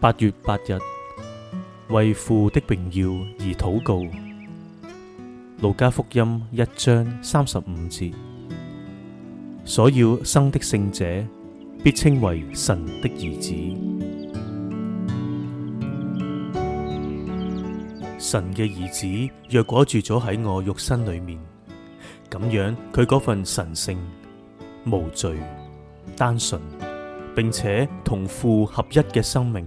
8月8 1章35節，所要生的聖者，必稱為神的兒子。神的兒子，若果住在我欲生裏面。這樣，他那份神聖、無罪、單純，並且和父合一的生命，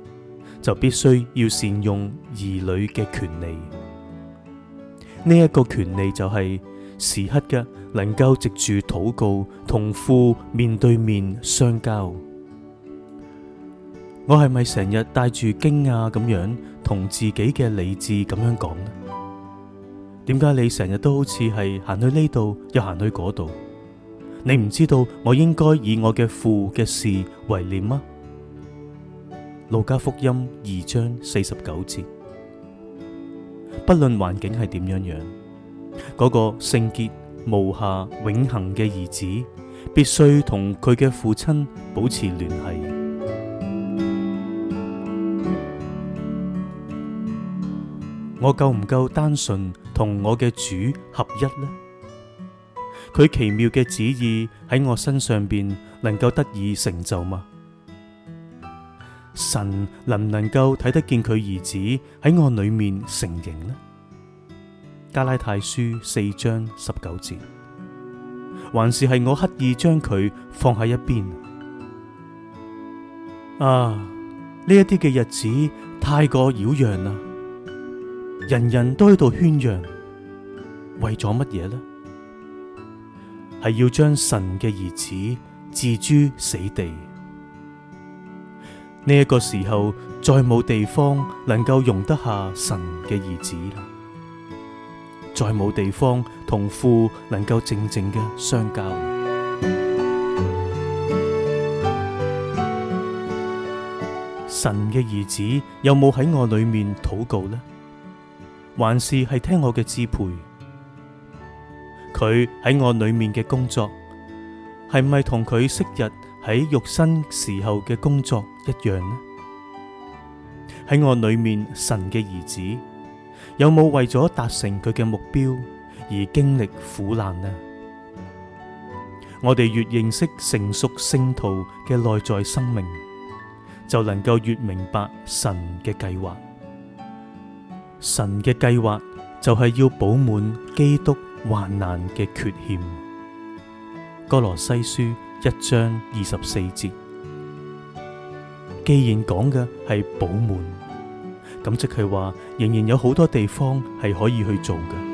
就必須要善用兒女嘅權利，呢、這、一個權利就係、是、時刻嘅能夠藉住禱告同父面對面相交。我係咪成日帶住驚訝咁樣同自己嘅理智咁樣講咧？點解你成日都好似係行去呢度又行去嗰度？你唔知道我應該以我嘅父嘅事為念嗎？路加福音二章四十九節，不論環境係點樣樣，嗰個聖潔無下永恆嘅兒子，必須同佢嘅父親保持聯繫。我夠唔夠單純，同我嘅主合一呢？佢奇妙嘅旨意喺我身上邊能夠得以成就嗎？神能唔能夠睇得見佢兒子喺我裏面成形呢？加拉太書四章十九節，還是係我刻意將佢放喺一邊啊？呢一啲嘅日子太過擾攘啦，人人都喺度宣揚，為咗乜嘢呢？係要將神嘅兒子置諸死地。呢一個時候，再冇地方能夠容得下神嘅兒子啦，再冇地方同父能夠靜靜嘅相交。神嘅兒子有冇喺我裏面禱告呢？還是係聽我嘅支配？佢喺我裏面嘅工作，係咪同佢昔日？喺肉身時候嘅工作一樣呢？喺我裏面神嘅兒子有冇為咗達成佢嘅目標而經歷苦難呢？我哋越認識成熟聖徒嘅內在生命，就能夠越明白神嘅計劃。神嘅計劃就係要補滿基督患難嘅缺欠。哥羅西書。一章二十四節，既然講嘅係補滿，咁即係話仍然有好多地方係可以去做嘅。